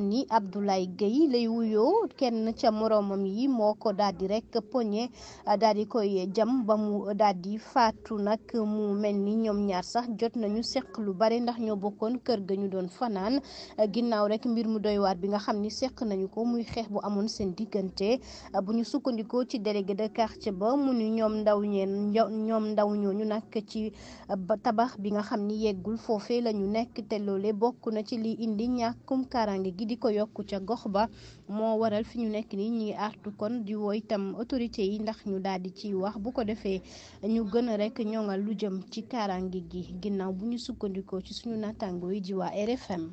ni Abdoulaye Gueye lay wuyoo kenn ca moroomam yi moo ko daal rekk rek poñe daal di koy jam ba mu daal di faatu nag mu mel ni ñoom ñaar sax jot nañu seq lu bare ndax ñoo bokkoon kër ga ñu doon fanaan ginnaaw rek mbir mu doy bi nga xam ni seq nañu ko muy xeex bu amoon seen diggante buñu sukkandikoo ci délégué de quartier ba mu ni ñoom ndaw ñeen ñoom ñooñu nag ci tabax bi nga xam ni yeggul foofe lañu ñu nekk te loole bokk na ci li indi ñàkkum kaaraange gi di ko yokk ca gox ba moo waral fi ñu nekk ni ñi ngi artu kon di woo itam autorité yi ndax ñu daal di ciy wax bu ko defee ñu gën a rek ñoŋal lu jëm ci kaaraange gi ginnaaw bu ñu sukkandikoo ci suñu naataangoo yi di waa RFM